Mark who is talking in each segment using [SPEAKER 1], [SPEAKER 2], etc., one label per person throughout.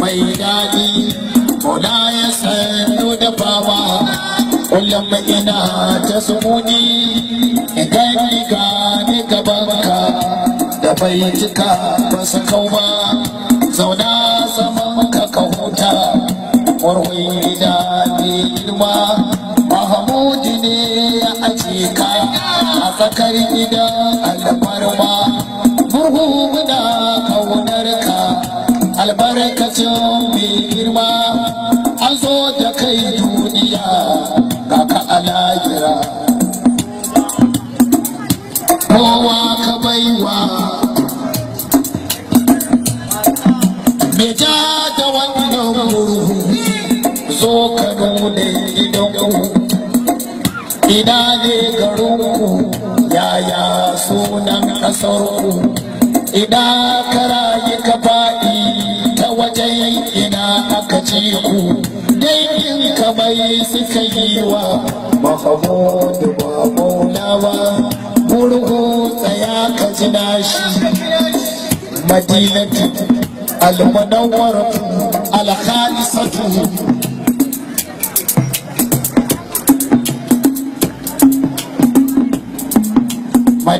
[SPEAKER 1] mai daɗi na ya sannu da fama kullum ina ta sumuni idan ni ka ni gabanka da bai cika ba su kau ba zauna saman ka ka huta warwai da ni girma Mahamudu ne ya ace ka a tsakar gidan alfarma murhu guda sarko idan ka yi ka faɗi ta wajen ina aka ci ku dangin kamar suka yi wa mahamudu ba maulawa gurgu tsaya ka ji nashi madinatu almunawwaratu alkhalisatu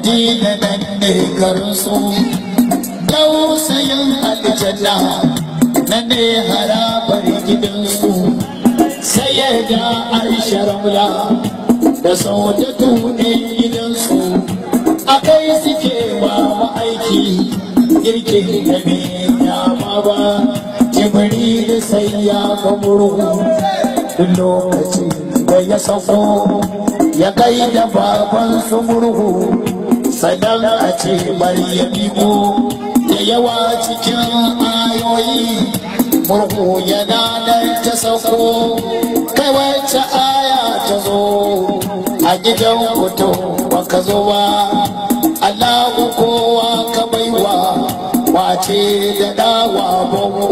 [SPEAKER 1] madina nan ne garinsu dausayin aljanna na ne harabar gidansu sai yarda aisha ramla da saudatu ne gidansu a kai suke ba ma'aiki girkin da bai dama ba jibril sai ya kamuru duk lokacin da ya sauko ya kai da baban su murhu sadan a ce bari ya da yawa cikin ayoyi murhu yana nan ta sauko kai wacce aya ta zo a gidan hoto baka zo ba Allahu kowa ka baiwa wace da dawa bango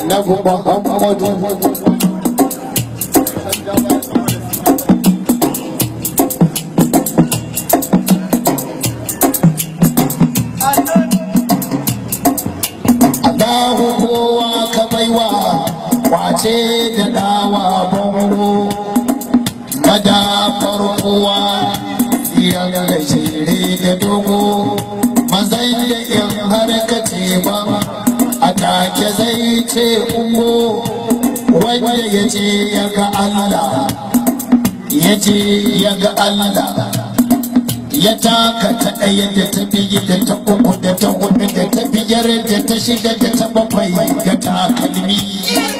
[SPEAKER 1] annabu Muhammadu ce da dawa bango madafar uwa yalle shiri da dogo mazan da yan har ba a take zai ce ungo wanda ya ce ya ga Allah ya ce ya ga Allah ya taka ta ɗaya da ta biyu da ta uku da ta hudu da ta biyar da ta shida da ta bakwai da takalmi.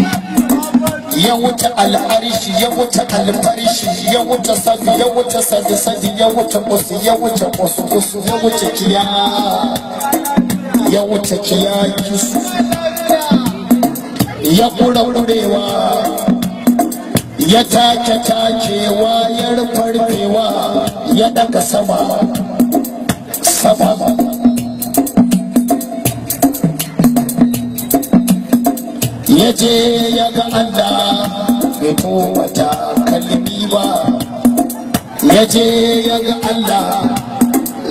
[SPEAKER 1] ya wuce al'arishi ya wuce alfarishi ya wuce sadu ya wuce sadu sadu ya wuce musu ya wuce musu musu ya wuce kiya ya wuce kiya kisu ya kura kurewa ya take takewa ya rufarfewa ya daga sama sama ya je ya ga Allah bai kowata kalmi ba ya je ya ga Allah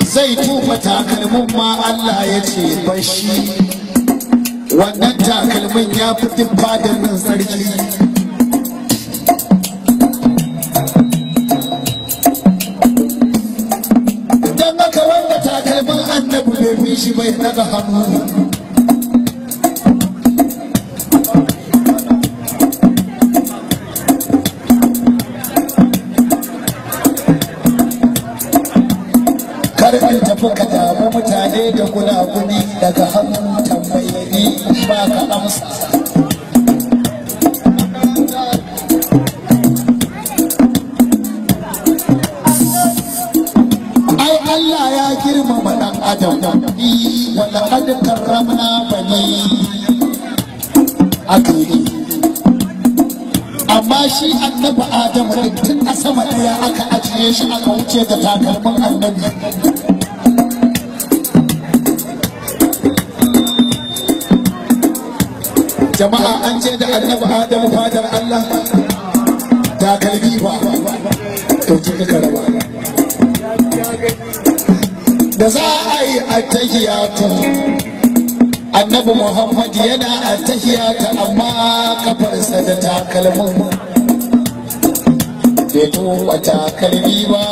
[SPEAKER 1] zai tufa takalmin ma Allah ya ce bashi wannan takalmin ya fi tuffa da nan sarki don haka wanda takalmin annabi bai fi shi bai daga hannu Allah ya girmama dan adam wa laqad karramna bani adam amma shi annabi adam din tun a sama daya aka ajiye shi aka wuce da takalmin annabi jama'a an ce da annabi adam fadar Allah da kalbi ba to kika raba da za a yi attahiyatu annabi muhammad yana attahiyata amma kafarsa da takalmin bai tuba takalmi ba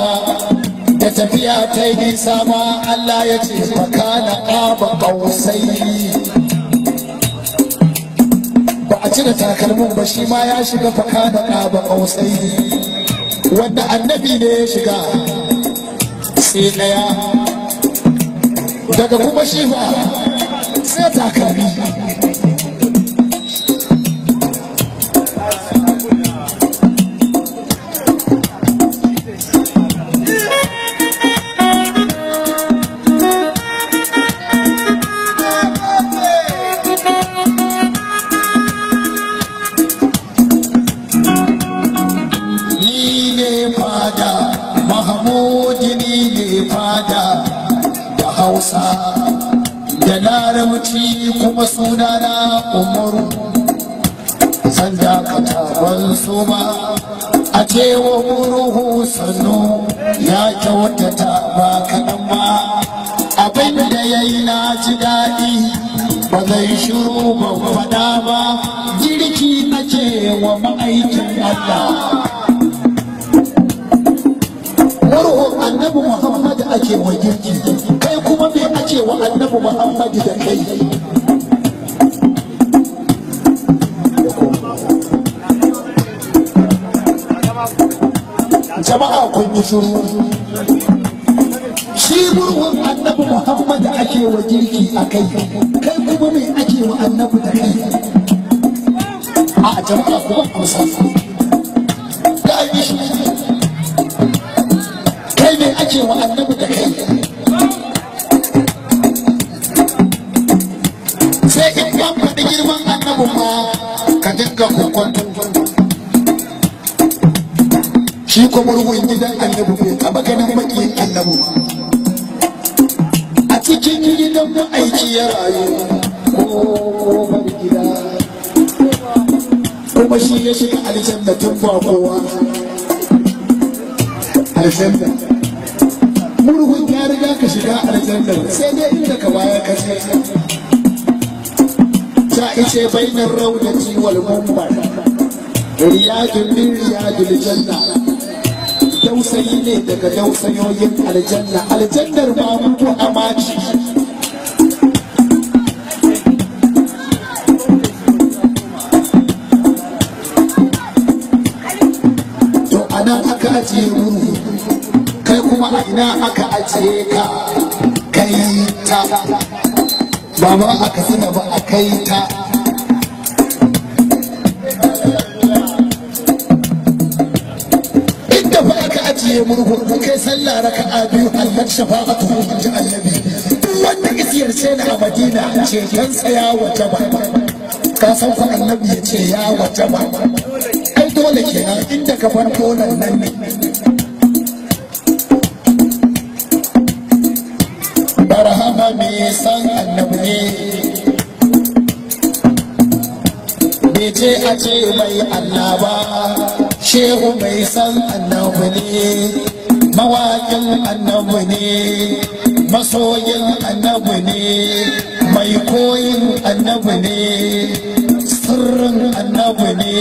[SPEAKER 1] da tafiya ta yi nisa ma allah ya ce makana ƙaba ƙausai a cire takalmin ba shi ma ya shiga faka da ƙaba ƙausai wanda annabi ne ya shiga sai ɗaya daga kuma shifa sai takalmi ce wa annabi muhammadu da kai jama'a kun yi shuru shi murhun annabi muhammadu ake wa girki a kai kai kuma mai ake wa annabi da kai a jama'a kuma kusa da yi shi kai mai ake wa annabi da kokwanto shi kuma ruwan gidan annabu bai taba ganin makiyin annabu a cikin gidan mu aiki ya rayu gida kuma shi ya shiga aljanna tun ba kowa aljanna murhun ya riga ka shiga aljanna sai dai inda ka baya ka sai ta ice bainar raunati wal mumbar riyadul min riyadul janna dausayi ne daga dausayoyin aljanna aljannar ba mutu amaci to ana aka ajiye mu kai kuma a ina aka ajiye ka kai ta ba ma aka ba kai ta inda fa aka ajiye murhu kai sallah raka'a biyu Allah shafa'atu ji annabi duk wanda isiyar ce na Madina ce kansa ya wajaba ka san ku annabi ya ce ya wajaba ai dole kenan inda ka farko nan nan ne ka ce mai annaba shehu mai san annabi ne mawakin annabu ne masoyin annabi ne mai koyin annabi ne sirrin annabi ne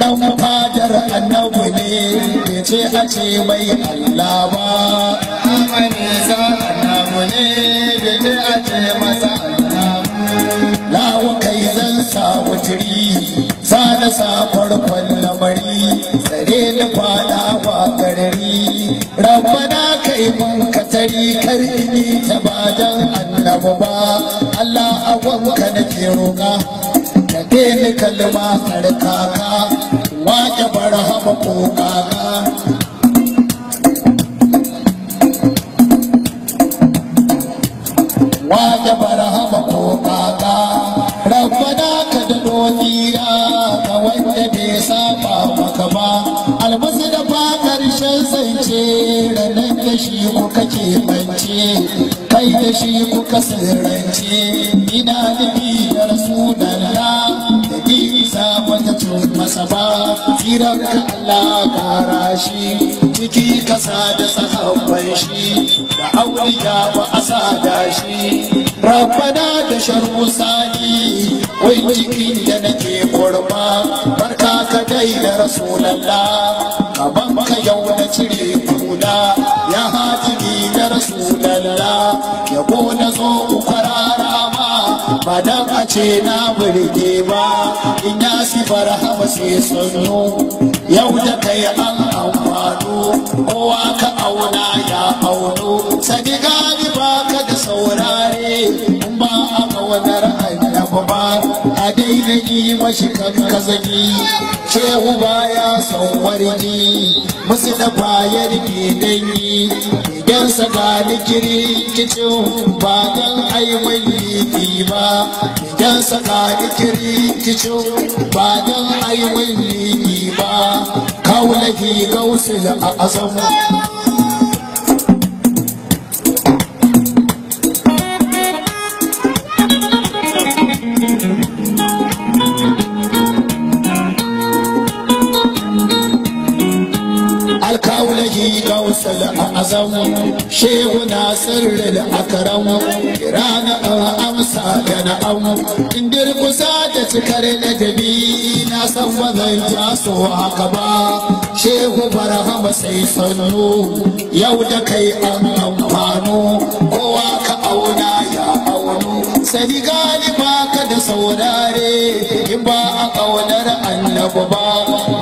[SPEAKER 1] dan fadar annabi ne bai ce a ce mai Allah ba amani sa ne bai ce a ce masa Allah lawa kai zan sa wutiri sana sa farfan lamari tsare ni fada wa garari rabbana kai mun katari kar ni ta bajan annabi ba Allah awanka nake roƙa ka ni kalma karkaka, waje barhama kokaka waje barhama da shi kuka keɓance kai da shi kuka sirrance ina da biyar sunan da da bisa wata cin masa ba tsirar ka Allah kara shi ciki kasa da sahabban shi da auliya ba a sada shi rabbana da sharru sani wai cikin da nake kurma barka ka dai da rasulallah gaban ka yau na cire hula ya hajimi na rasulallah ya gona na zo ku farara ma ba a ce na burge ba in ya si barhama sai sannu yau da kai an amfano kowa ka auna ya auno sadi ba ka da saurare a kawanar alaba a daina yi kan kankazaki shehu baya son wargi musu da bayar ke dangi idan saka ni kirkicin ba dan aiman liki ba idan saka ni kirkicin ba dan aiman liki ba kawulahi gausul a azamu hasan shehu nasir da akram kirana na amsa da na amu indir kusa da cikar ladabi na san ta taso haka ba shehu barhama sai sannu yau da kai an amfano kowa ka auna ya auno sai gani ka da saurare in ba a ƙaunar annabu ba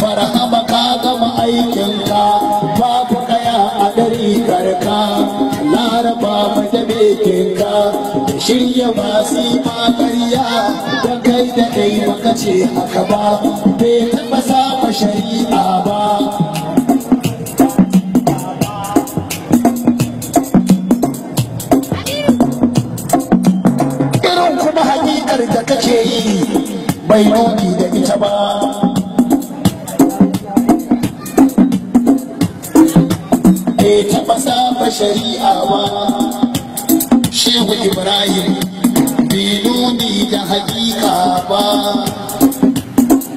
[SPEAKER 1] barhama ka gama aikinka rikarka laraba mata bekinka da shirya masu makarya da kai da kai maka haka ba bai taɓa saba shari'a ba irin kuma hakikar da kake yi bai nuni da ita ba eh, shari'a ba shehu ibrahim bai nuni da hakika ba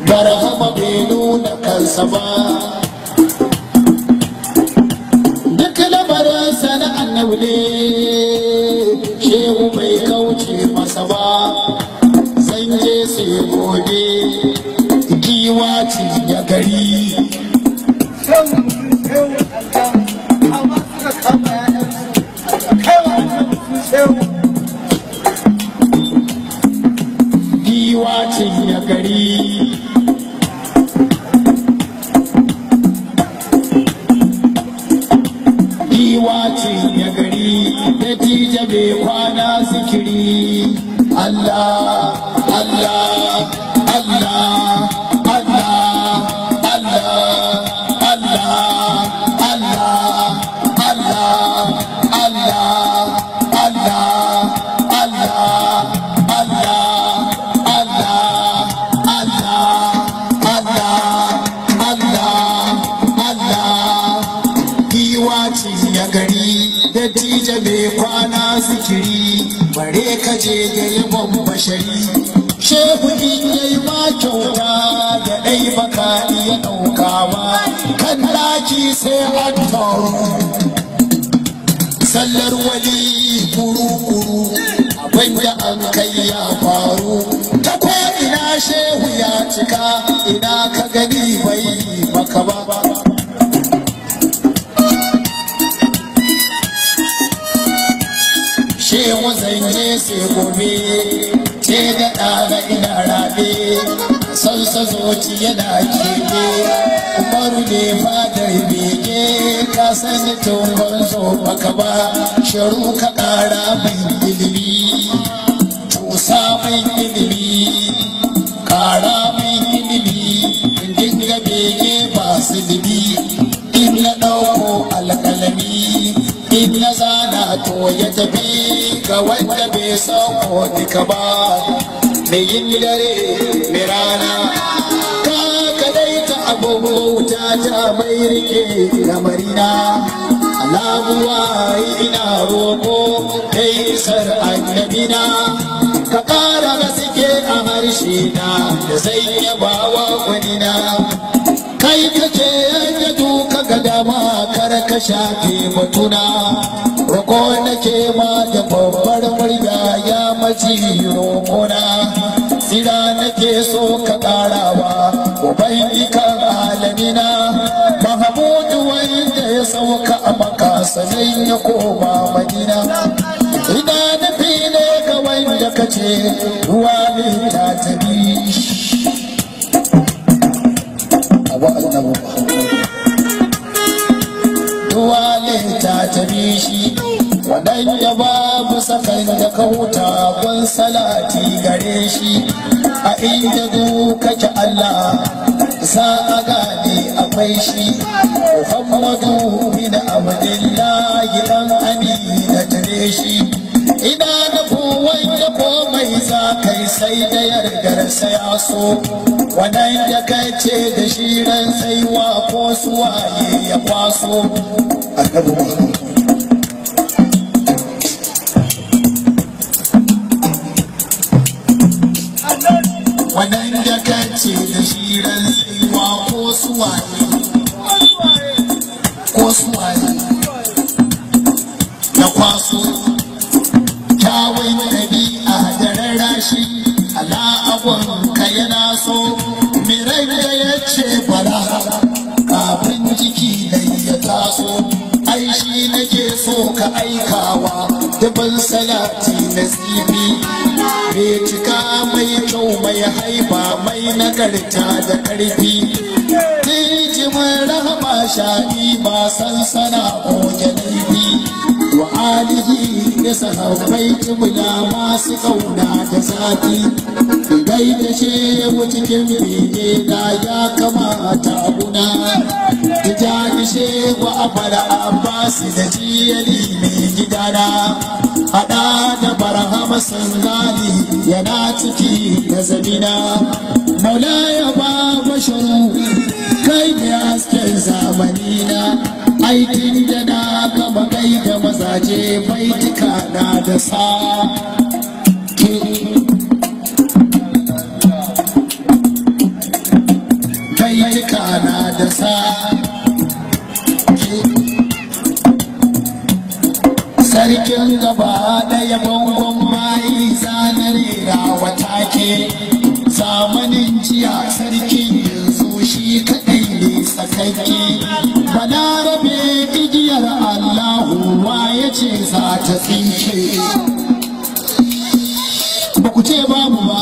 [SPEAKER 1] barhama bai nuna kansa ba duk labarinsa na annabi ne baki sai an sallar wali kuru-kuru abinda an kai ya faru ta ko ina shehu ya cika ina ka gani bai yi ba shehu zanje sai gobe ce da ɗana ina rabe san sa yana kebe murje fadar bege ka san tungon zo maka ba sharu ka kara mai ilimi tusa mai ilimi kara mai ilimi dinga bege ba silimi in na ɗauko alƙalami in na zana to ya tafi ga wanda bai sauko dika ba mai yin dare mai rana wuta ta mai rike marina alamuwa ina roƙo kai sar annabina ka ƙara gaske a harshe na da zai yaba wa kwanina kai kake yadda duka ga dama kar ka shafe mutuna roƙo nake ma da babbar murya ya maji roƙona tsira nake so ka ƙarawa ubangiji sauka a maka sanin ya koma madina ina nufi ne ga wanda ka ruwa ne ta tabi ruwa ne ta tabi shi babu sakan da kauta kun salati gare shi a inda kake Allah za a gane akwai shi Muhammadu bin Abdullahi dan Amina tare shi ina nufin wanda komai za kai sai da yardar sai a so wannan da kai ce da shi ran saiwa ko suwaye ya kwaso annabi Muhammad waɗanda ka ce da shirar laiwa ko suwaye ko suwaye na kwaso kyawun ɗabi'a da rarashi ala'abon ka yana so mirai da ya ce bara kafin jiki da ya taso shi nake so ka aikawa dubin salati na tsibi mai cika mai kyau mai haifa mai nagarta da ƙarfi tijimin rahama shaɗi ba sansana ko janibi alihi da sahabbai tubula masu kauna da sati gai da shehu cikin bege da ya kamata abuna tijani shehu a bara abbasu da jiyali mai gidana hada da barhama sangali yana ciki da zabina maula ya ba basharu kai ne hasken zamani na aikin da na gaba kai da mazaje baitika na da sa baitika na da sa sarkin gaba ɗaya bangon mai zanar rawa take zamanin jiya aiki balarabe igiyar allahu wa ce za ta tsinke ba ku ce babu ba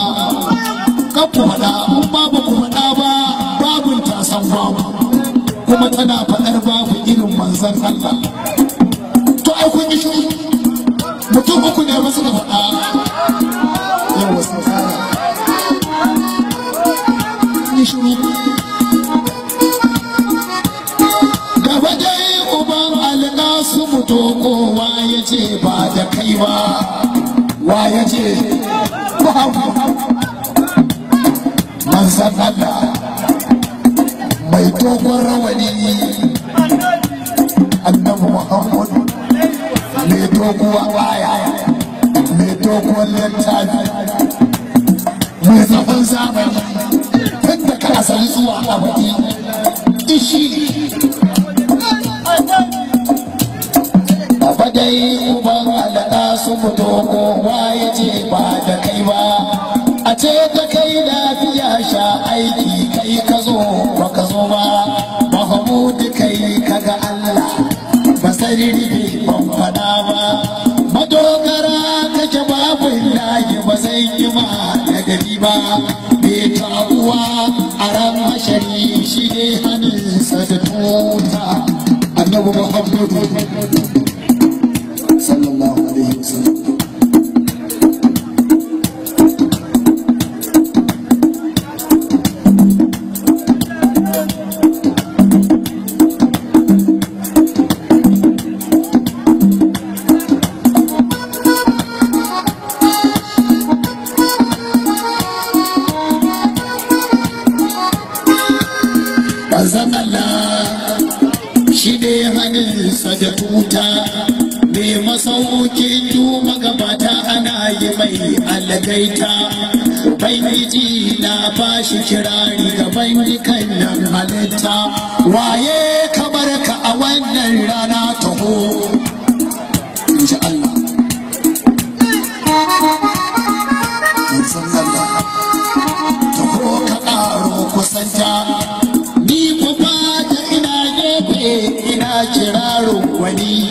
[SPEAKER 1] kan ku faɗa babu ku faɗa ba babun ta san babu kuma tana faɗar babu irin manzan Allah
[SPEAKER 2] to ai kun yi shiru mutum uku ne masu da fada yawa wasu fara
[SPEAKER 1] Thank you. ce ba da kai ba wa ya ce manzan Allah mai dogon rawani annabi Muhammad mai doguwa baya mai doguwar littafi mai zafin zamani tun da ka asali zuwa abadi ishi fito kowa ya ce ba da kai ba a ce ka kai lafiya sha aiki kai ka zo ba ka zo ba mahamudu kai ka ga Allah ba sarri ban fada ba madogara kake babu layi ba zai yi ma da gari ba ta taguwa a ran mashari shi ne sa da tuta annabi muhammadu mai algaita bangiji na bashi kirari ga kan nan halitta waye kamar ka a wannan rana taho inji Allah kusanta ni ku ba ina gefe ina kiraro wani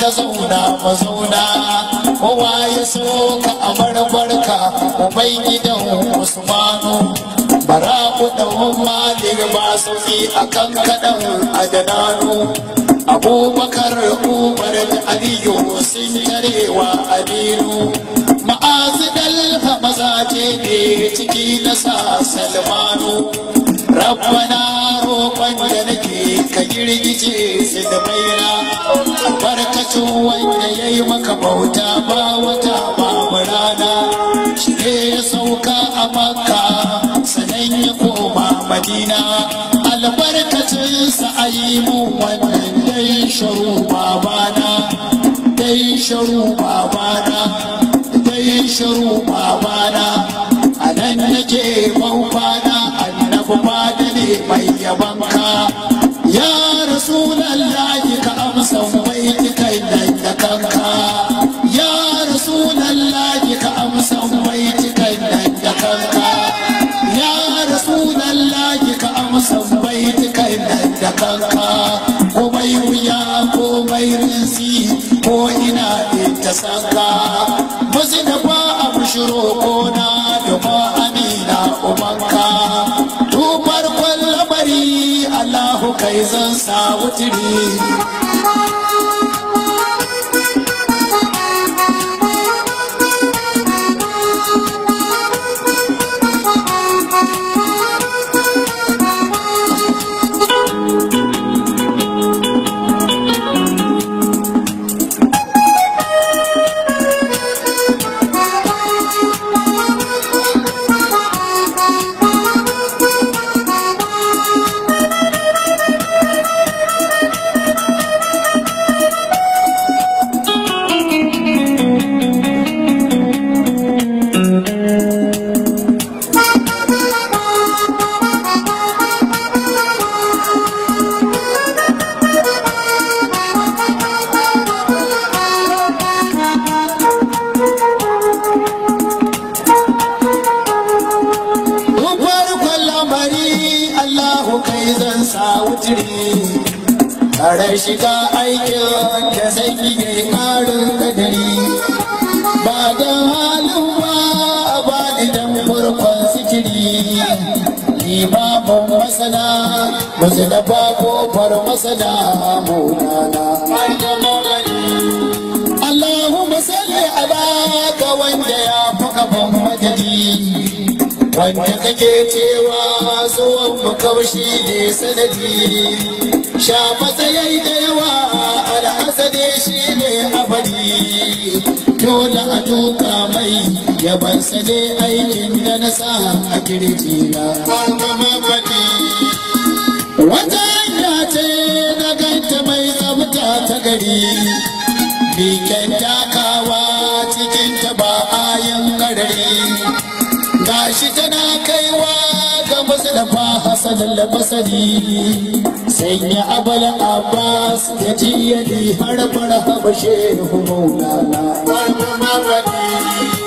[SPEAKER 1] Ka zauna mazauna kowa ya so ka amar barka ubai gidan usmanu bara'u dan malik ba a akan kadan adananu abubakar umar da aliyu sun tarewa adinu dalha maza ce ne ciki na sa salmanu Rabana roƙon da nake ka girgije su da baina to wanda ya yi maka bauta ba wata babu rana shi ya sauka a makka sanan ya koma madina albarkacinsa a yi mu wannan dai sharu babana dai sharu babana dai sharu babana a nan nake ban kwana annabi ba da ne mai yabanka ko komai wuya komai rinsi ko ina ita sanka musu da ba a bushiro na da ba amina ubanka tubar kwallabari allahu kai zan sa wutiri sanadi shafa tsayai da yawa al'asade shi ne abadi dole a tuka mai yabansa ne aikin da na sa a kirjina wata hanya ce na ganta mai tsabta ta gari bikin takawa cikin ta ba a yan garari gashi tana kaiwa Mustapha ba da basri sanya abala Abbas ya ji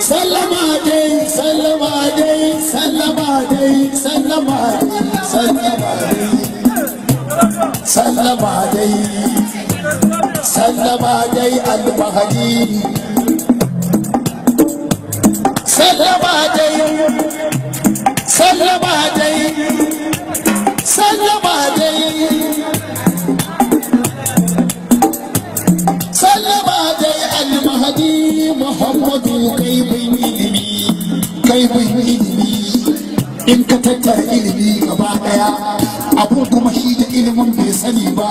[SPEAKER 1] sallama dai sallama dai sallama dai sallama sallama sallama dai sallama dai al sallama dai sallama dai sallama dai almahadi muhammadu kai bin ilimi kai ilimi in ka tattara ilimi gaba daya abun kuma shi da ilimin bai sani ba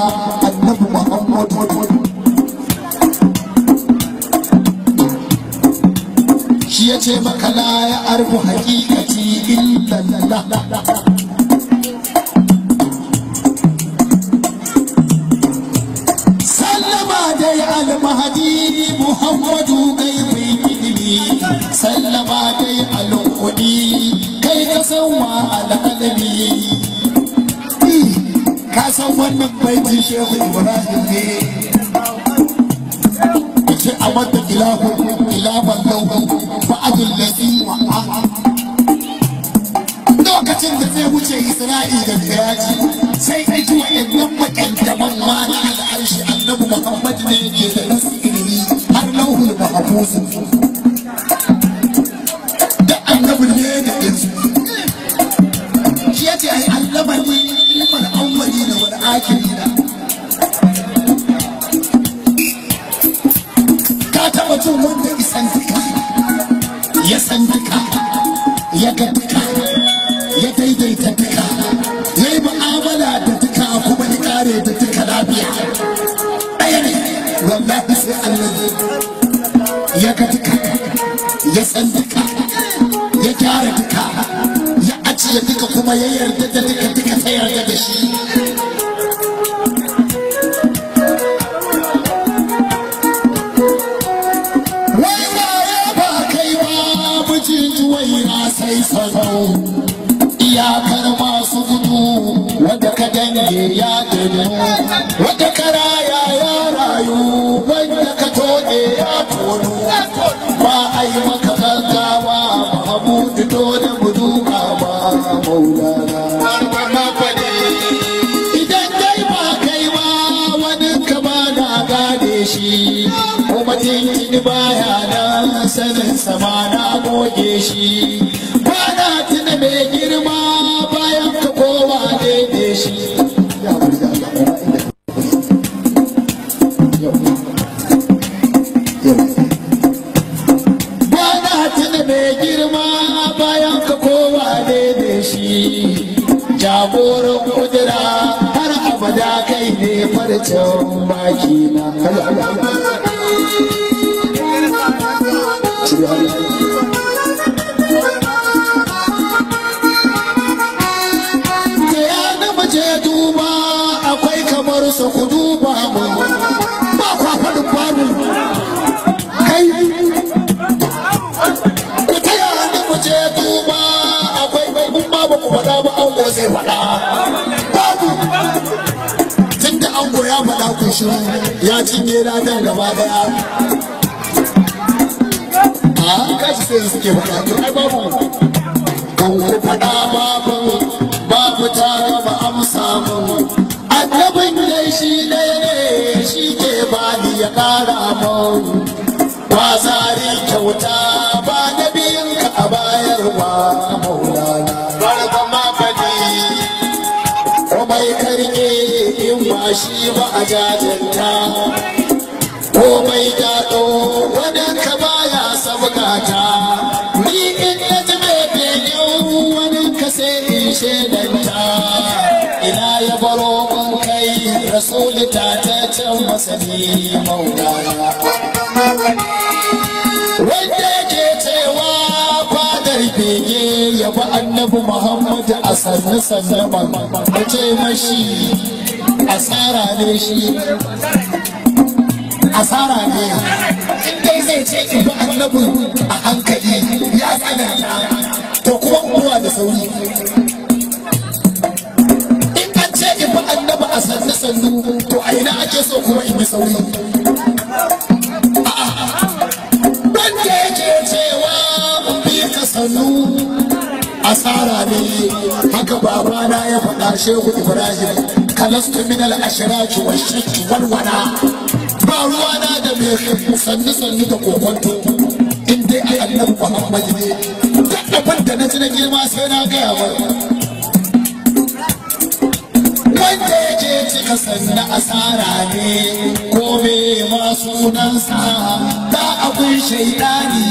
[SPEAKER 1] annabi muhammadu shi ya ce makala ya arbu haƙiƙa إلا الله المهدي محمد غير مثلي سلم علي القدي كي تسوى kasan wannan baitin shehu ibrahim ne ce a mata ilahun ilahun lauhu fa'adul lati wa lokacin da zai wuce isra'i da miraji sai aiki wa'annan maƙyantaman mana da arshi annabi muhammad ne ke da nasu har lauhul mahafuzu da annabi ne da ya san duka ya gyara duka ya ajiye duka kuma ya yarda da duka duka ta yarda da shi
[SPEAKER 2] sai sabo iyakar
[SPEAKER 1] masu gudu wadda ka dange ya danyo wadda ka raya ya rayu wadda ka tode ya tono ba a yi ni baya nan sanin sama na goge shi bana tuna mai girma bayan ka kowa daidai shi tuna mai girma bayan ka kowa daidai shi jagoran kudura har abada kai ne farcen bakina hari na mace duba akwai kamar su ku duba ba faɗin ku na duba akwai ku faɗa an an goya ku shiru ya cinye na gaba daya a kashi sai faɗa to ai babu kan ku ba amsa mun annabin dai shi ne shi ke bani ya ƙara mun ba tsari kyauta ba na biyun ka a bayarwa maulana barba ma ko bai karke in ba shi ba a jajanta ko bai da ta ni in na ji mai begen wani kase in shaidanta ina ya baro mun kai rasuli ta ta can masani maulana wanda
[SPEAKER 2] ke cewa
[SPEAKER 1] fadar bege ya bi annabi muhammad a sannu sannaman na mashi asara ne shi asara ne ya ce in ba annabin a hankali ya tsananta to kuma kuwa da sauri in an ce in ba a sannu sannu to a ina ake so kuma in bi sauri wanda yake cewa bi ka sannu asara ne haka babana ya faɗa shehu ibrahim kalastu min al-ashraki wa shakki wal wana ba ruwa na da me sannu sannu da kokonto in dai ai annabi Muhammad ne duk abin da na ji na girma sai na gaya wa. wanda yake cika sannu asara ne ko me ma sunansa da abin shaidani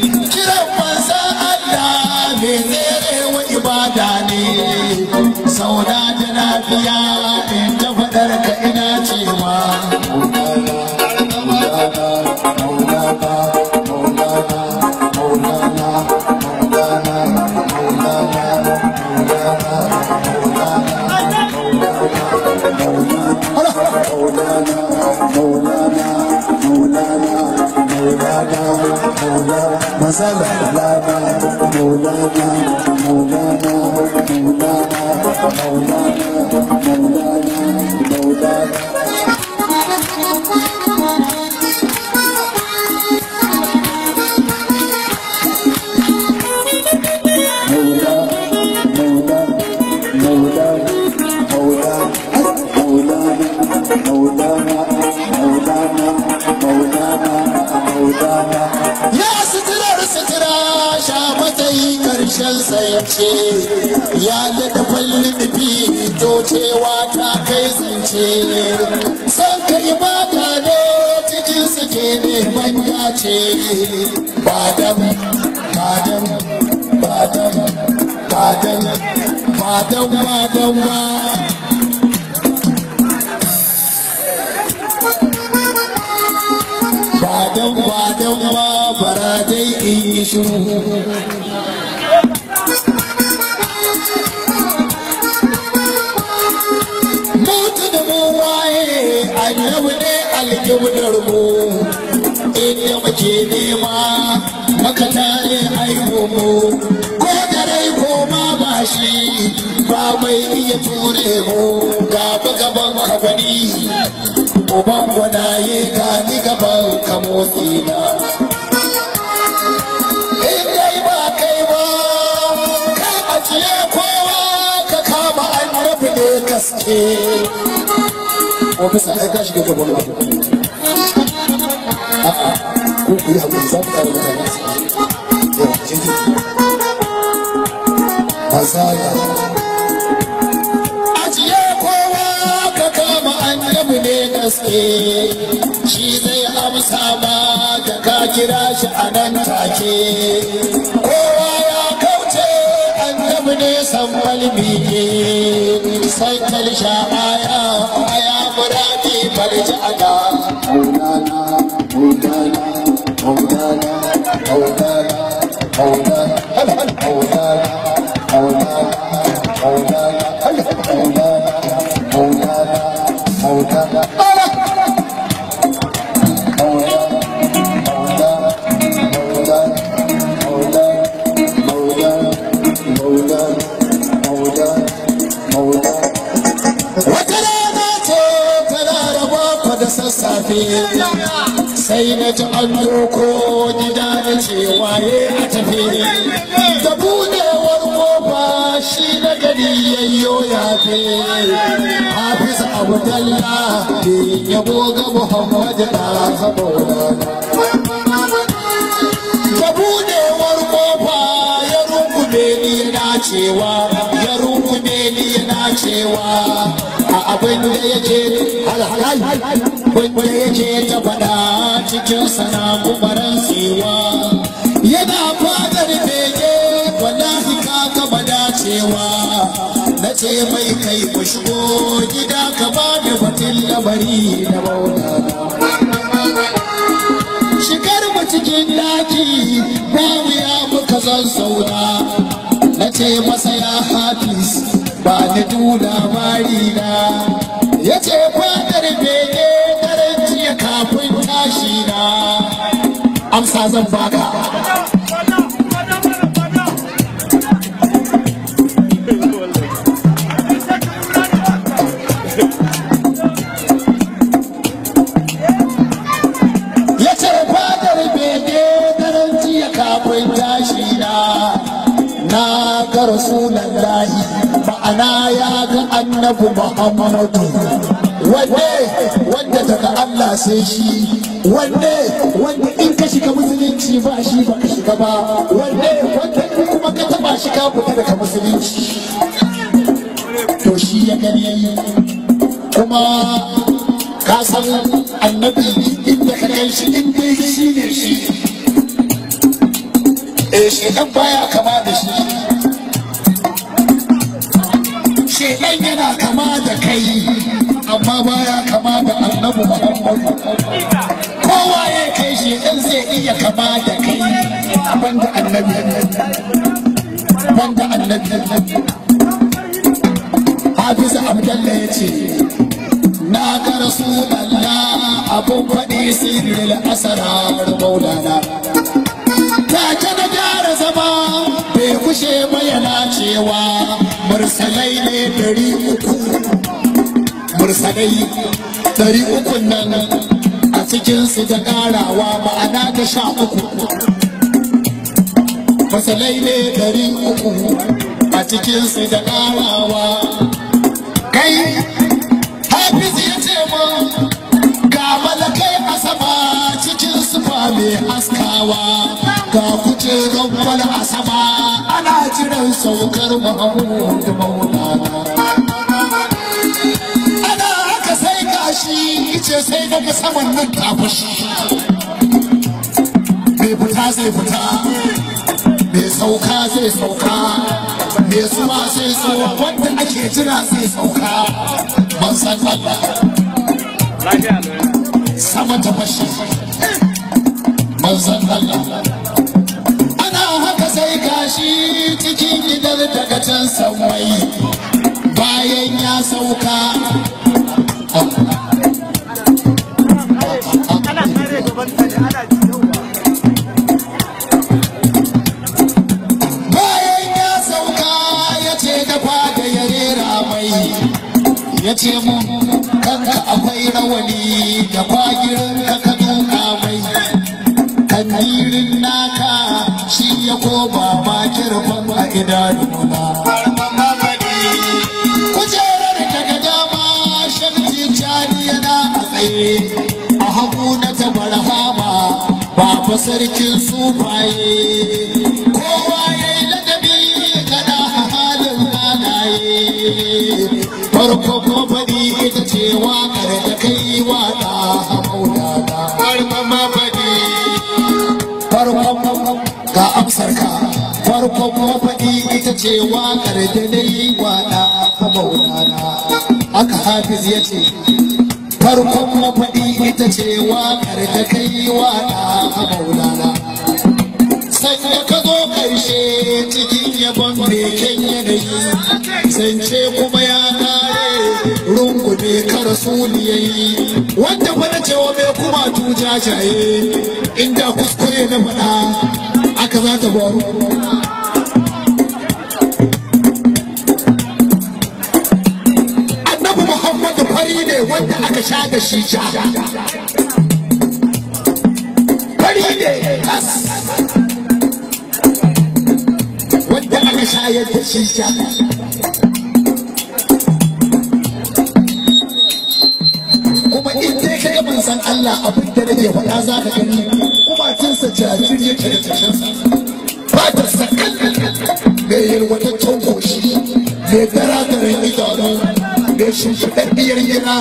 [SPEAKER 1] ne kiran fansa Allah me tsere wa ibada ne sauna da lafiya fadarka ina ce ma masala maulana maulana maulana maulana
[SPEAKER 2] maulana
[SPEAKER 1] zance ya daɗa fallin nufi cewa ta kai zance san ka ibada ne cikin suke neman dace badam badam badam badam badam badam ba don ba ba bara dai in yi alkiblar mu inda muke nema maka tare haihu mu ko garai ko ma ba shi ba mai iya ture mu gaba gaban kabari uban gwanaye gani gaban kamosina gaske ofisa ai ka shiga gaban abu a'a ko ku yi hakuri za ku ƙara mutane su
[SPEAKER 2] yawa jiki azaya
[SPEAKER 1] ajiye kowa ka kama annabi ne gaske shi zai amsa ba da ka kira shi a nan take kowa nisan ne sai kalsha aya aya muradi farji ada
[SPEAKER 2] maulana
[SPEAKER 1] sai na ji an doko gida na ce waye a tafi da budewar kofa shi na gari yayyo ya fi hafiz abdalla bin yabo ga muhammad da da ya rungume ni cewa ya rungume ni yana cewa akwai da yake halhal wanda yake ta faɗa cikin sana kubaran sewa yana fadar bege wallahi ka gaba dacewa na ce mai kai ku shigo gida ka ba da batun labari da bauta. shigar mu cikin daki babu ya muka zan sauna na ce masa ya hafiz ba ni dula marina ya ce fadar bege karanci ya kafin tashi na amsa zan baka kafin na na sunan rasulallahi ana ya ga annabi muhammadu wanne wanda daga allah sai shi wanne wanda in ka shiga musulunci ba shi ba ka shiga ba wanne wanda in kuma ka taba shi ka fita daga musulunci to shi ya gani kuma ka san annabi inda ka gan shi in dai shi ne shi eh shekan baya kama da shi shedan yana kama da kai amma baya kama da Annabu muhammadu kowa ya kai shedan zai iya kama da kai banda annabi banda annabi hafiza abdalla ya ce na ga rasulallah abun faɗi sirril asarar maulana ta na gyara zama bai kushe bayana cewa mursalai ne dari uku mursalai dari uku nan a cikinsu da karawa ma'ana ta sha uku mursalai ne dari uku a cikinsu da karawa kai hafiz ya ce mu ga malakai asaba cikin sufa mai haskawa ga kujerar a asaba ana jiran saukar Muhammadu
[SPEAKER 2] Maulana.
[SPEAKER 1] Ana haka sai gashi ice sai daga saman nan ta fushi. Me fita zai fita, me sauka zai sauka, me zuwa zai zuwa wanda ake jira zai sauka. Ban san Allah. Sama ta fashi. Ban Allah. sai gashi cikin gidan daga can samai bayan ya sauka
[SPEAKER 2] bayan ya sauka ya ce da
[SPEAKER 1] ya rera mai ya ce kanka akwai rawani da kwagirin ka ka duka mai naka ya koma ba ban a ba kujerar daga dama shamsi cani yana a tsaye a hagu na tabar hama baba sarkin sufaye kowa ya yi ladabi gana halin lalaye. farko faɗi ita ce waƙar da na yi waɗa ta maulana aka hafiz ya ce farkon mafaɗi ita ce waƙar da ka yi waɗa ta maulana sanya ka zo ƙarshe cikin yabon beken yanayi sance kuma ya kare rungume ka rasuliyayi wanda fana cewa mai kuma tujajaye inda kuskure na faɗa aka za ta baro ka sha da shi ja fari ne wanda aka shayar da shi ja kuma in dai ka ga manzon Allah abin da nake faɗa za ka gani kuma tinsa jajiri yake da tashinsa ba ta sakan mai yalwataccen goshi mai gara garin idanu mai shi. gina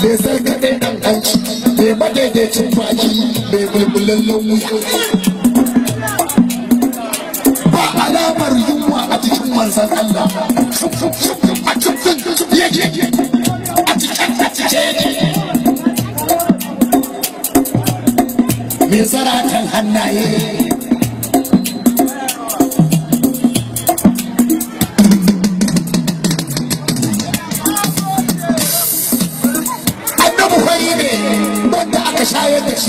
[SPEAKER 1] mai zargaɗe ɗan hanci bai madaidaicin baki mai bulbulallen wuya
[SPEAKER 2] ba alamar yunwa a cikin manzan Allah a cikin yake a cikin yake
[SPEAKER 1] mai hannaye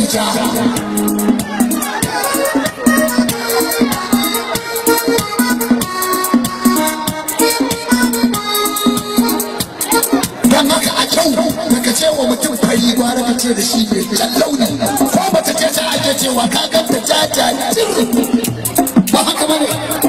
[SPEAKER 1] Abuja. Don a kyau daga ce wa mutum fari ka da shi launi ko ake cewa ka
[SPEAKER 2] ba haka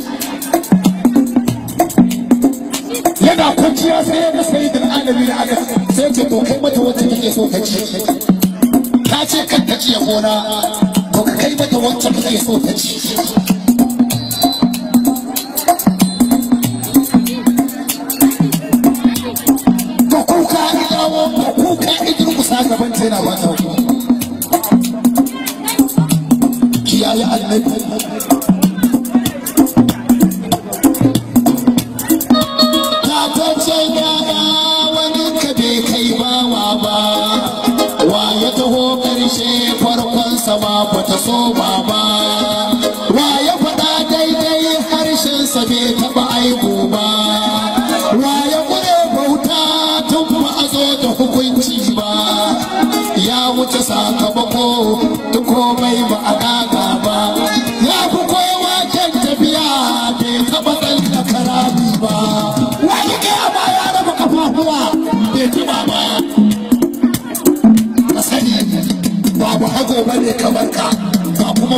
[SPEAKER 1] yana kwanciya sai ya ga sayyidin alamin anas sai ce to kai mata wacce kake so ta ci ta ce kan ta ci ya gona to ka kai mata wacce kake so ta ci to kuka idawo kuka idurkusa gaban ta yana ba ta kiyaye annabi wata so baba wa ya faɗa daidai harshensa bai taɓa aihu ba wa ya ƙure bauta tun ba a zo da hukunci ba ya wuce sakamako duk komai ba a daga ba ya fi koyawa kyan tafiya bai taba tsallaka rami ba wa ya a ba ya raba kafafuwa bai taɓa ba babu hago bane kamar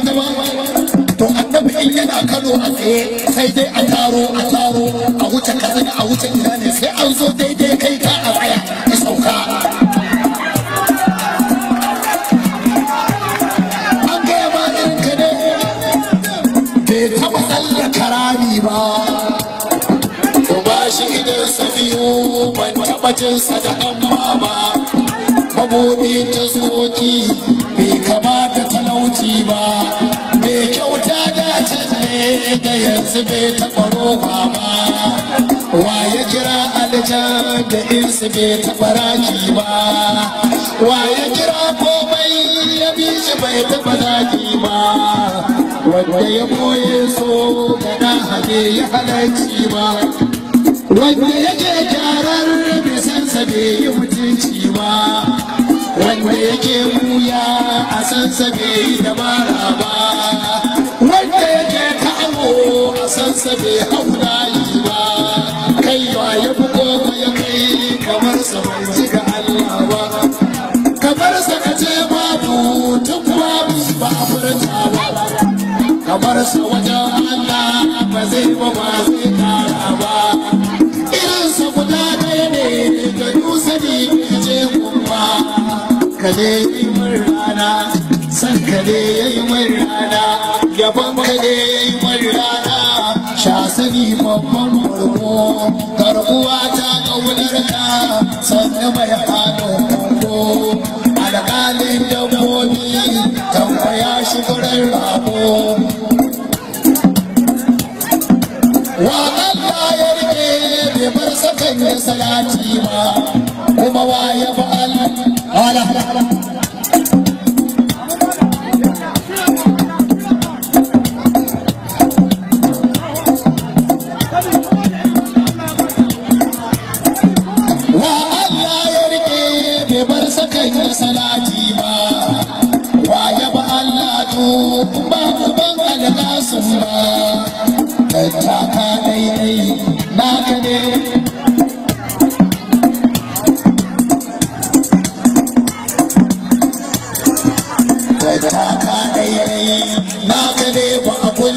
[SPEAKER 1] ya zama to annabi in yana kano a tsaye sai dai a taro a taro a wuce katsina a wuce ina ne sai an zo daidai kai ka a tsaya ki sauka an gaya ma irin ka ne bai taɓa tsallaka rami ba to ba shi idan sa biyu ban taɓa jinsa da ɗan mama mabuɗi ta soki bai kama talauci ba mai kyauta dacin ne da yanzu bai taɓa roƙa ba wa ya kira aljan da insu bai taɓa raki ba wa ya kira komai ya bi shi bai taɓa zaki ba wanda ya boye so da hade ya halarci ba wanda yake gyarar bisansa bai yi mutunci ba wanda yake buya a sansabe da maraba wanda yake ta'awo a sansabe haulayi ba kai ba ya fi koko ya kai kamar sa bai ji ga Allah ba kamar sa ka ce babu tun babu ba a furta ba kamar sa wajen Allah ba zai ba ba zai kara ba irin sa guda ɗaya ne da ne. sankale yayi min rana yayi min rana yabon yayi min rana sha sani babban murmu karbuwa ta kaunar ka sanni mai hado kogo alƙalin dabbobi tambaya shi gurin rabo wa Allah ya rike bai bar sakan ya salati ba kuma wa ya fa'al wa Allah ya riƙe bai bar sakan ya salati ba wa ya ba Allah to ba ban alƙasun ba ta ka daidai na ka ne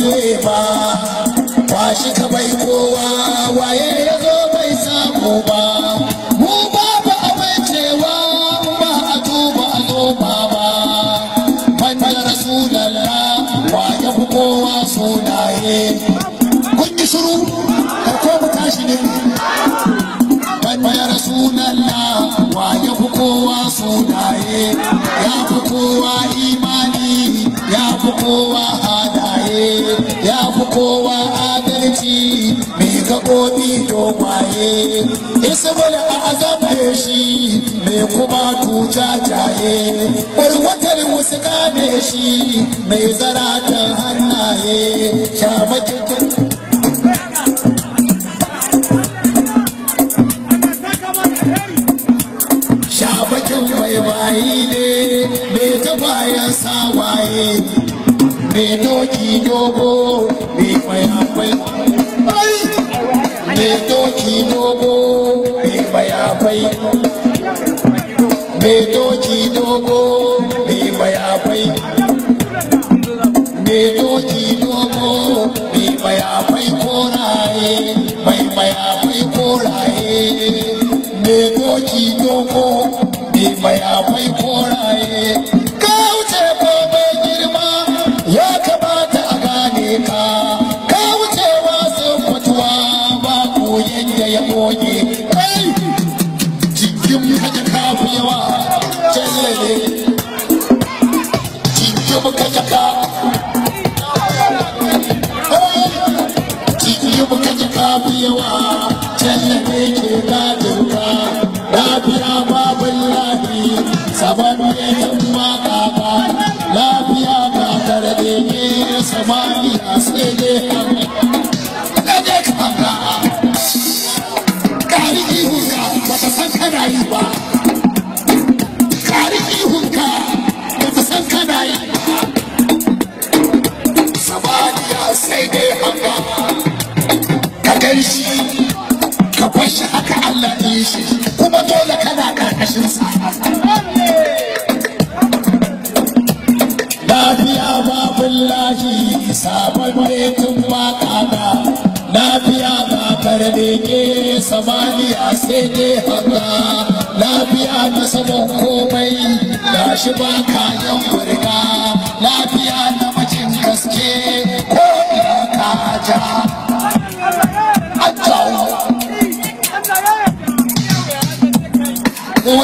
[SPEAKER 1] aure ba ba shi ka bai kowa waye ya zo bai samu ba mu ba ba abai cewa ba a duba a zo ba ba da rasulalla wa ya fi kowa sunaye kun yi shiru ka ko mu tashi ne da rasulalla wa ya fi kowa sunaye ya fi kowa imani ya fi kowa waye ya fi kowa adalci mai gaɓoɓi dogwaye isabul a azabbe shi mai kuma tuta jaye warwatar wasu gane shi mai zaratan hannaye shamakin dogo mai fayafai mai doki dogo mai fayafai mai doki doki dogo mai fayafai koraye mai fayafai ihunka ba ta san kana yi ba kari ihunka ba ta san kana yi ba samaniya sai dai haka ka gan shi ka bar shi haka Allah ne shi kuma dole kana karkashin sa lafiya babullahi sabon tun waka na lafiya karbe ke samaniya sai dai haka lafiya na saman komai shi ba kayan kurga lafiya na macin gaske ko ina kaja Ko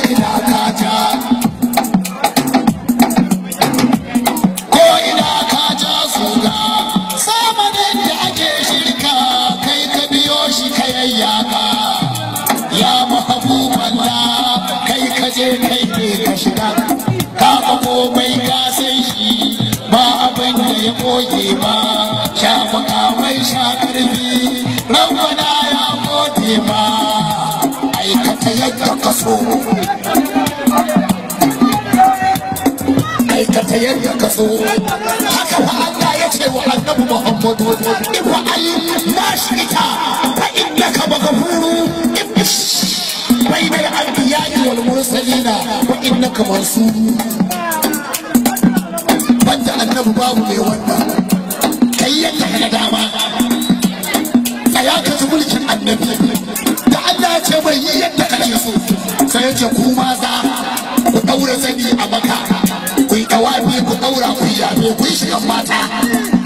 [SPEAKER 1] ma sha makamai sha karfi rabbana ya gode aikata yadda ka so aikata yadda ka so haka fa Allah ya ce wa annabi Muhammadu in wa alim ma shirka fa innaka maghfuru بين الأنبياء والمرسلين وإنك منصور بدا babu باب wannan. yi yadda kake so sai yace ku za ku daura zani a maka ku yi tawafi ku daura ku yi yafe ku yi shigan mata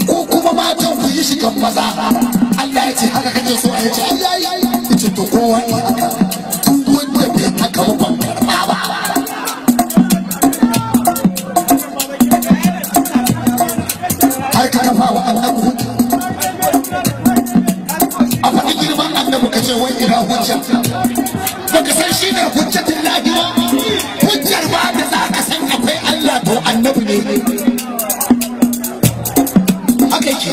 [SPEAKER 1] ko kuma matan ku yi shigan maza Allah ya ce haka kake so a yace ai yayi ce to kowa haka wanda bai ce wai ina hujja baka san shi ne lahi ba hujjar ba da za ka san akwai Allah to annabi ne haka yake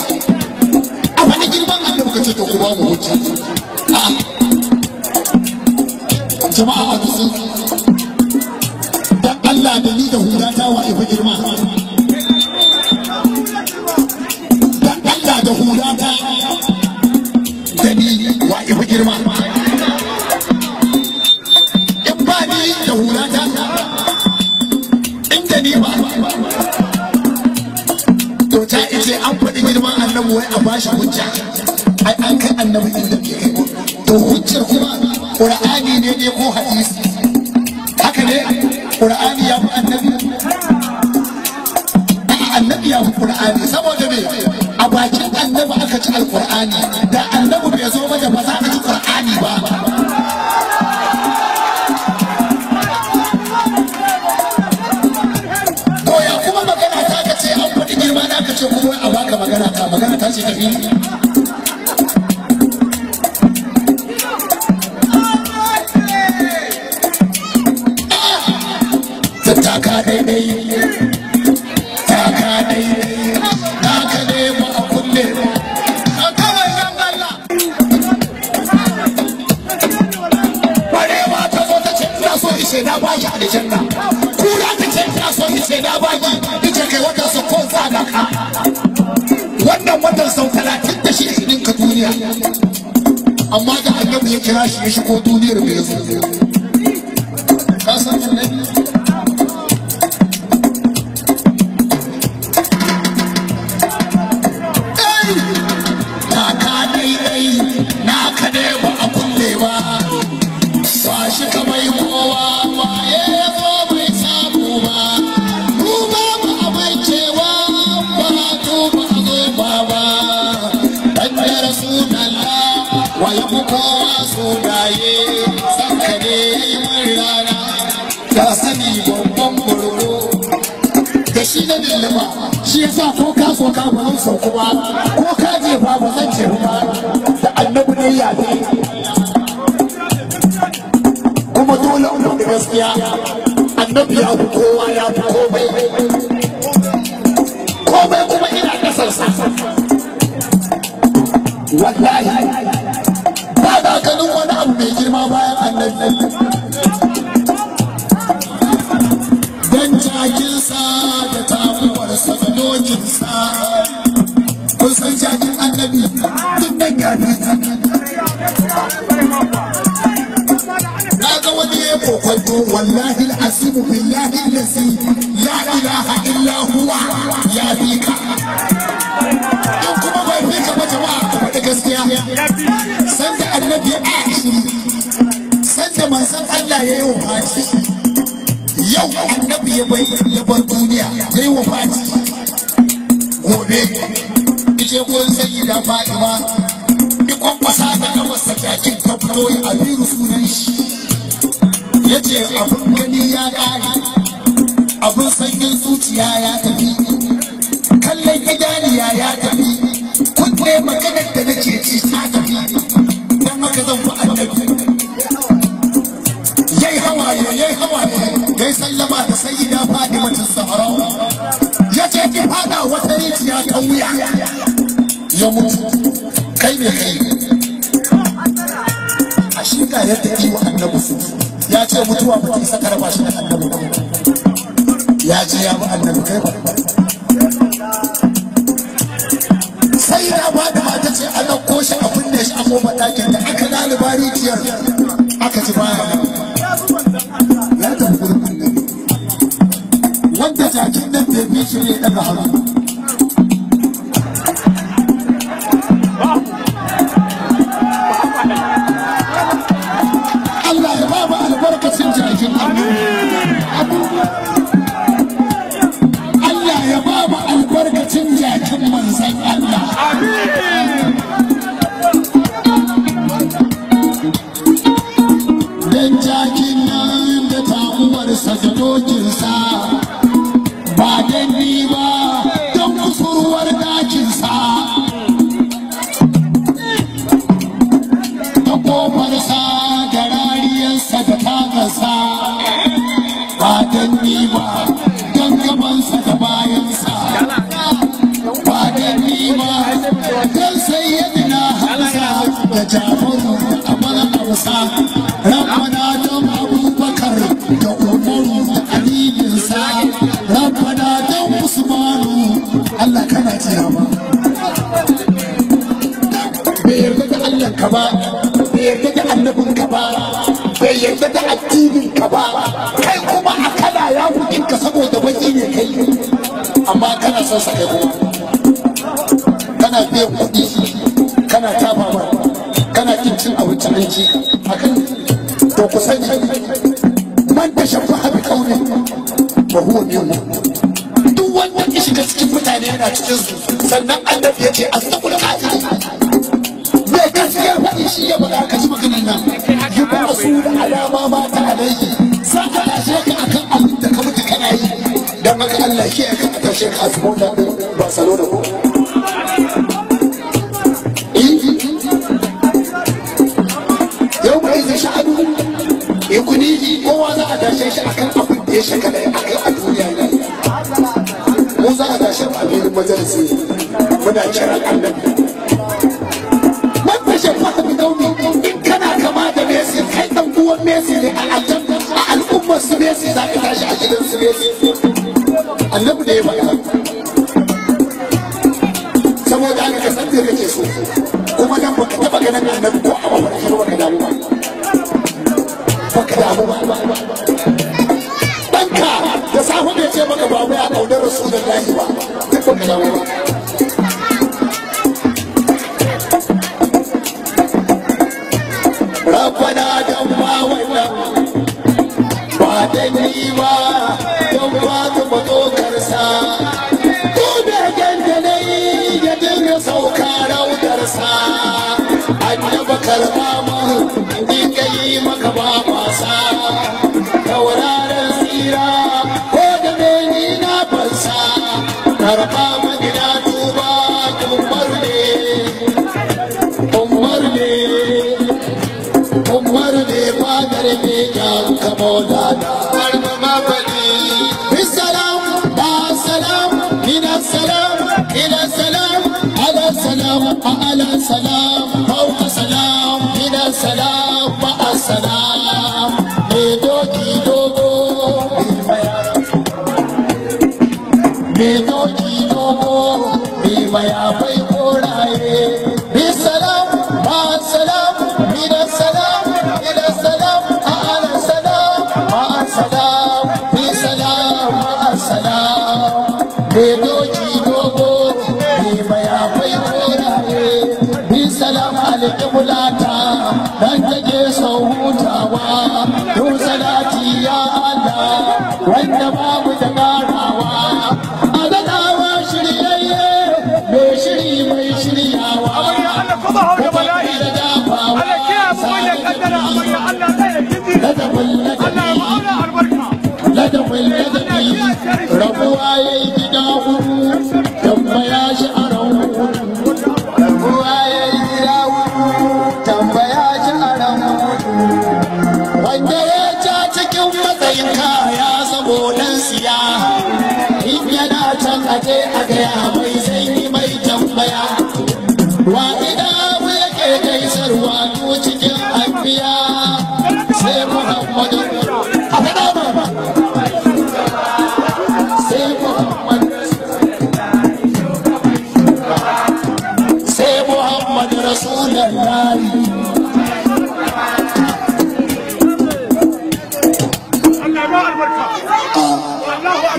[SPEAKER 1] a wani girman annabi ce to ku ba mu hujja jama'a dan Allah da ni da hura ta wa girma tashi hujja ai an kai annabi inda ke kai to hujjar kuma qur'ani ne ne ko hadisi еще kowa soyaye sanka ne mun ka sani babban burgo da shi na dillama shi yasa ko ka so ka ba zan kuma ko ka je ba ba zan ce ba da annabi ne ya ne kuma dole mu da gaskiya annabi ya fi kowa ya fi komai komai kuma ina kasarsa wallahi ga wani ya kokwanto wallahi al'asimu billahi lasi ya ilaha illa huwa ya fi ka in kuma bai fi ka ba jama'a ka faɗi gaskiya sanda annabi ya a ashiri sanda manzon Allah ya yi wa fati yau annabi ya bai ya bar duniya ya yi wa fati gobe ije gurin sayyida ba. kwakwasa da gama jakin ka fito ya abiru sunan shi ya ce abin gani ya ƙare abin sanyin zuciya ya tafi kallon idaniya ya tafi kunne maganar da nake ci ta tafi don haka zan fi annabi yai hawaye yai hawaye yai sallama da sayyida fadimatin sahara ya ce ki fada wata rijiya ta wuya ya mutu kai ne kai yadda iwa annabi su ya ce mutuwa ba ta isa karba shi da annabi ya ce ya bi annabi kai ba sai da ba da mata ce a ɗauko shi a binne shi a koma ɗakin da aka ɗaliba rijiyar aka ci baya ya tafi gurin annabi wanda jakin nan bai bi shi ne daga hannu Allah ya ba mu albarkacin jakin manzon Allah dan jaki ni ba don gabansa da bayansa ba da ni ba don na hamsa da jafaru a bana hausa rabbana don abubakar da umaru da alibinsa rabbana don usmanu allah kana ciyama bai yarda da Allah ka ba bai yarda da ka ba bai yarda da addinin ka ba baki ne kai amma kana son sa kai kuma kana biyan kuɗi kana tafa ma kana kin cin abinci hanci akan to ku sani man da shafa abi kaune ba huwa minhu duk wanda ya shiga cikin mutane yana cikin su sannan annabi ya ce astagfirullah me gaskiya faɗi shi ya faɗa ka ji maganar nan yi ba su da alama ba ta alaihi tsakiyar kashin azmota din barcelona ko e, yau bai zai sha'adu ikuni e, kowa za a tashe shi akan abin da ya shaka da akai a duniya na mu za a tashe mu a filin majalisi muna kiran annabi wanda shafa bi dauni in kana kama da messi kai dan uwan messi ne a al'ummar su messi za ka tashi a gidan su messi saboda haka ka san da kake so kuma dan baka taɓa ganin annabi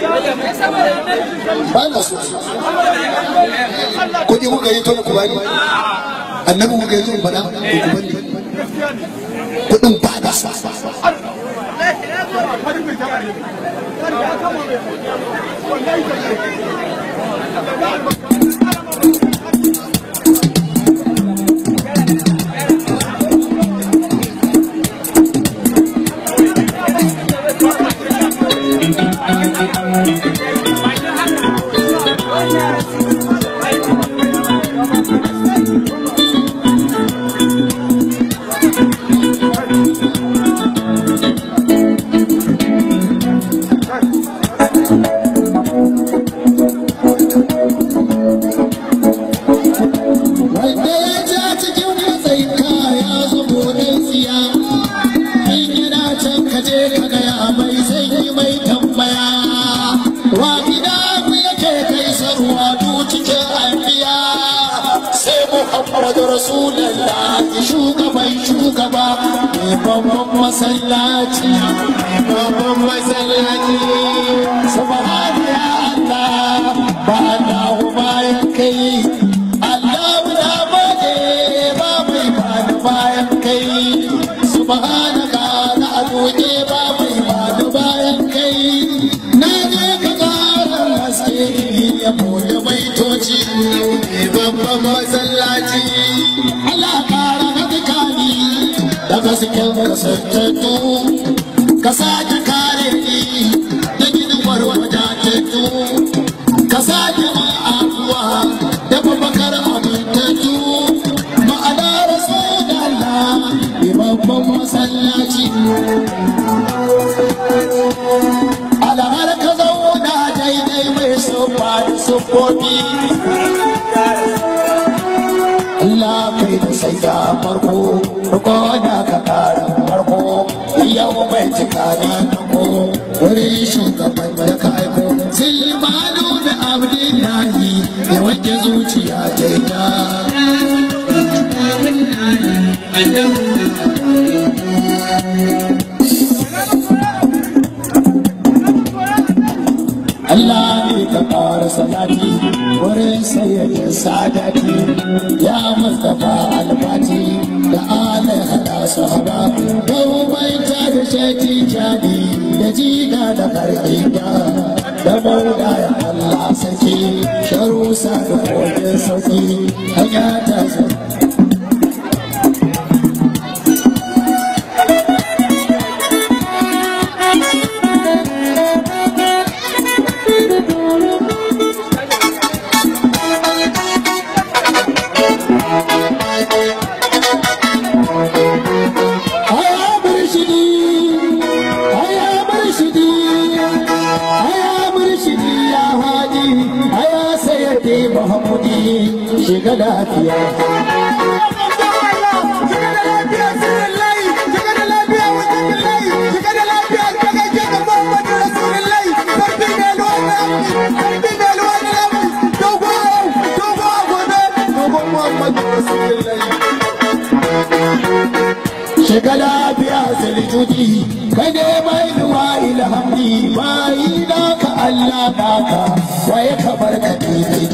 [SPEAKER 1] ba na so kuɗi kuka yi tona ku bani annabi kuka yi tona faɗa ku bani kuɗin ba so
[SPEAKER 2] Thank you. Thank you.
[SPEAKER 1] محمد رسول الله شوغبا شوغبا بابا مسلاتي بابا مسلاتي سبحان hasken kasantattu ka sake kare ni da gidimar wadatattu ka sake ma abuwa da babakar amintattu ma'ana rasu da Allah imamman masallaci alhar ka zauna daidai mai sofa da sofofi Allah kai da sai farko farko da ka kara farko yau mai cika na tako wuri shugaban mai da aiko sai ma nuna abdi ya wanke zuciya ta. Allah ne ka ƙara salati wurin sayayyar sadati ya Mustapha albati da alar hada sahaba don maita da shaiti jadi da jiga da karfiya da mauda ya Allah saki sharusa da
[SPEAKER 2] kogin sauki hanya ta zama
[SPEAKER 1] محمودي شغلات يا شغلا بيا سلجودي كني ما يلوى إلى همي ما إلاك الله ناكا ويكبر كتيري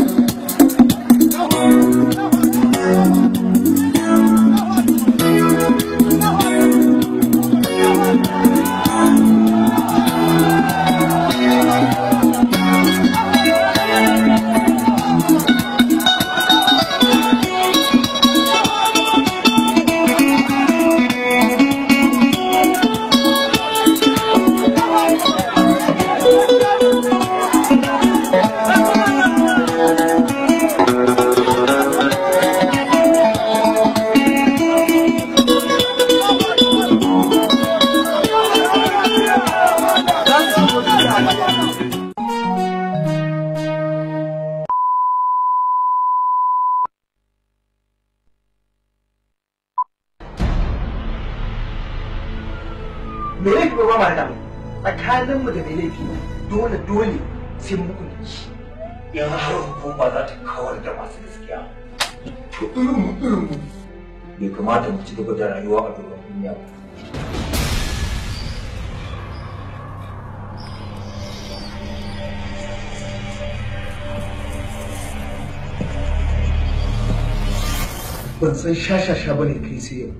[SPEAKER 1] ban san shashasha ne kai sai yau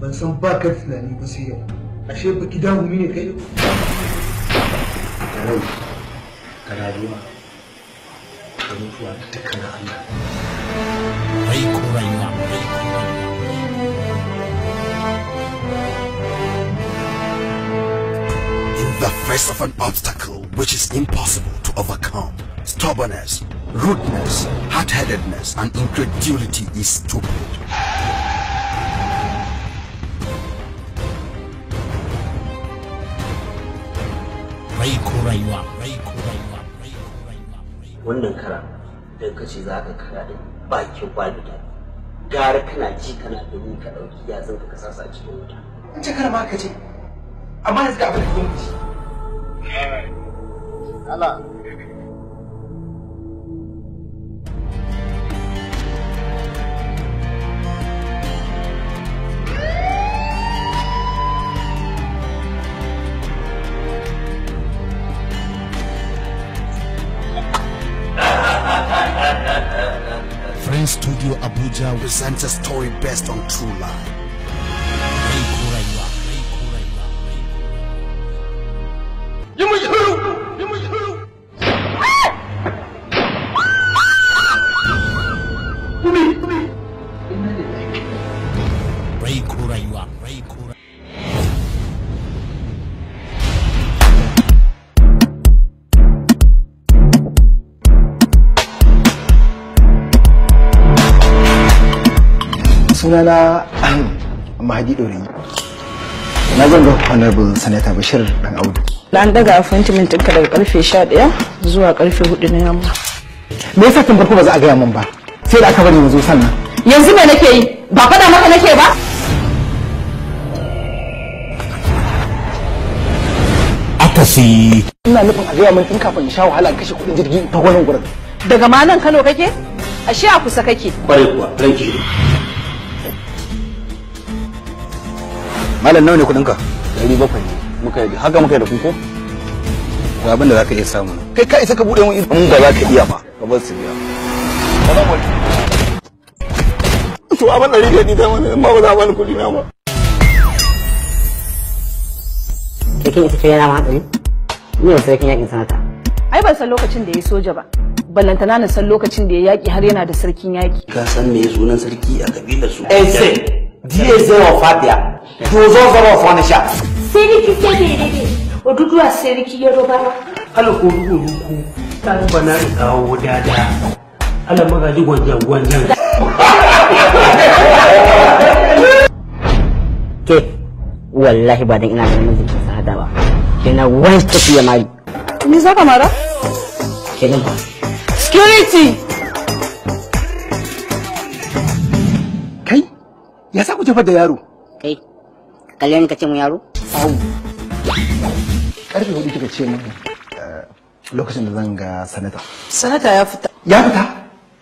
[SPEAKER 1] ban san ba ka tunani ba sai yau ashe ba ki dawo ne kai da rai da rayuwa da mutuwa dukkan Allah rai ko rayuwa rai ko rayuwa In the face of an obstacle which is impossible to overcome, stubbornness Rudeness, hard-headedness, and incredulity is stupid. Wannan kara, idan ka ce za ka kara da bakin kwalbi da gara kana ji kana gani ka ɗauki yatsun ka sasa a cikin wuta. An ce kara ma ka ce, amma yanzu ga abin da ke ci. Allah, Jah a story based on true life. sunana mahadi ɗorayi na zan ga honorable senator bashir dan audu an daga appointment ɗinka daga karfe 11 zuwa karfe 4 na yamma me yasa kin farko ba za a gaya min ba sai da aka bari yanzu sannan yanzu me nake yi ba faɗa maka nake ba akasi ina nufin a gaya min tun kafin in sha wahala kashe kuɗin jirgi ta wannan gurin daga ma nan Kano kake ashe a kusa kake kwarai kuwa ranki malam nawa ne kudin ka ɗari bakwai ne muka yi haka muka yi da ku ko ga abin da za ka iya samu kai ka isa ka buɗe mun in ba za iya ba ka bar su biya to a ban ɗari da ni dama ma ba za a bani kuɗi na ba
[SPEAKER 2] kin ita ce yana ma haɗari ni yau sarkin yakin sanata
[SPEAKER 1] ai ban san lokacin da ya soja ba ballantana na san lokacin da ya yaki har yana da sarkin yaki ka san me sunan sarki a kabilar su DA0 Fabia, Dozo Zoro Furniture.
[SPEAKER 2] Seriki Seriki, Oduduwa Seriki Yorubara.
[SPEAKER 1] Ala ko dudu duku, ta bana dawo dada. Ala magaji gwanjan gwanjan.
[SPEAKER 2] Ke, wallahi ba dan ina da namijin sahada ba. Kina wani tafiya mari. Ni za mara? Kenan ba.
[SPEAKER 1] Security! ya sa ku tafar da yaro kai
[SPEAKER 2] kalyan ka ce mu yaro au
[SPEAKER 1] karfe hudu kika ce min eh, lokacin da zan ga sanata
[SPEAKER 2] sanata ya fita ya fita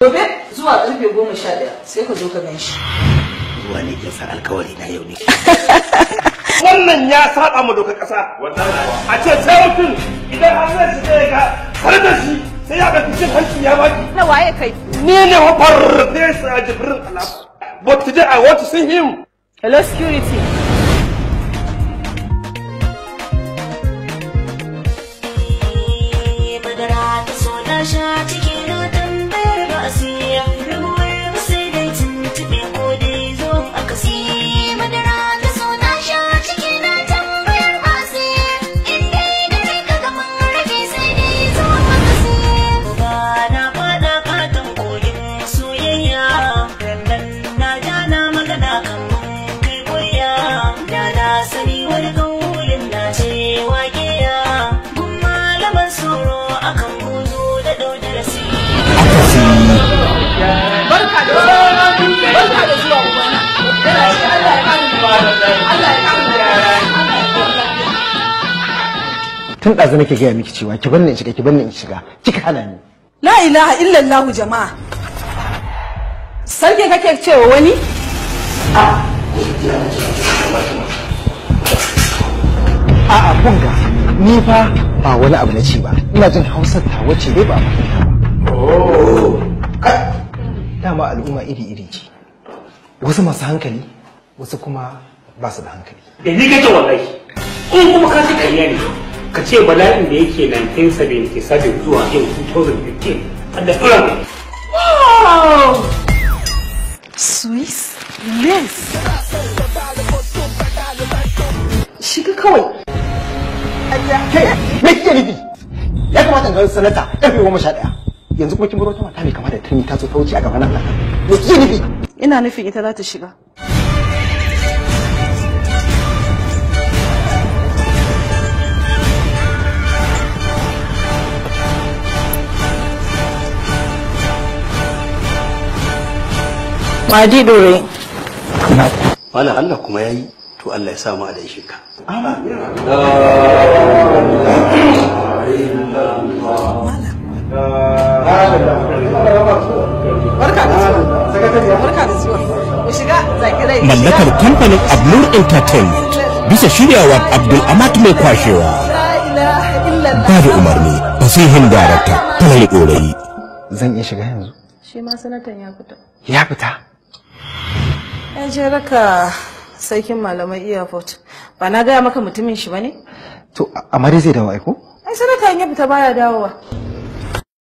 [SPEAKER 2] gobe zuwa karfe goma sha daya sai ka zo ka gan shi zuwa ne kin alkawari na yau ne
[SPEAKER 1] wannan ya saba mu dokar kasa
[SPEAKER 2] a
[SPEAKER 1] ce sai mutum idan har zai shi ya ga sanata shi sai ya ga cin hanci ya baki
[SPEAKER 2] na waye kai ni ne wa
[SPEAKER 1] farfesa jibrin alaƙa But today I want to see him. Hello, security.
[SPEAKER 2] But
[SPEAKER 1] tun ɗazu nake gaya miki cewa ki banni in shiga ki banni in shiga kika hana ni
[SPEAKER 2] la ilaha illallah jama'a sarki kake cewa wani
[SPEAKER 1] a'a kun ga ni fa ba wani abu na ci ba ina jin hausar ta wacce dai ba a fahimta ba dama al'umma iri-iri ce wasu masu hankali wasu kuma ba su da hankali da eh, ni kake wallahi in kuma ka ji kariya ne ka ce bala'in da yake 1977 zuwa yau 2015 a da tsoron
[SPEAKER 2] Swiss Lens. Shiga kawai. Kai, me kike nufi? Ya
[SPEAKER 1] kamata ga sanata ƙarfe goma sha ɗaya. Yanzu kuma kin bar ta mata mai kama da turmi ta zo ta wuce a gaban nan.
[SPEAKER 2] Me kike nufi? Ina nufin ita za ta shiga.
[SPEAKER 1] Wadi dore. wani Allah kuma ya yi, to Allah ya samu a daishe ka.
[SPEAKER 2] Mallakar kamfanin Abnur Entertainment bisa shiryawar Abdul Amat mai kwashewa. Ba da umarni,
[SPEAKER 1] fasihin darakta, talai ɗorayi. Zan iya shiga yanzu?
[SPEAKER 2] Shi ma sanatan ya fita. Ya fita? Ya je raka sarkin malamai earport Ba na gaya maka mutumin shi ba ne? To, amma dai zai dawo aiko? Ai, sadaka in ya fita baya dawowa.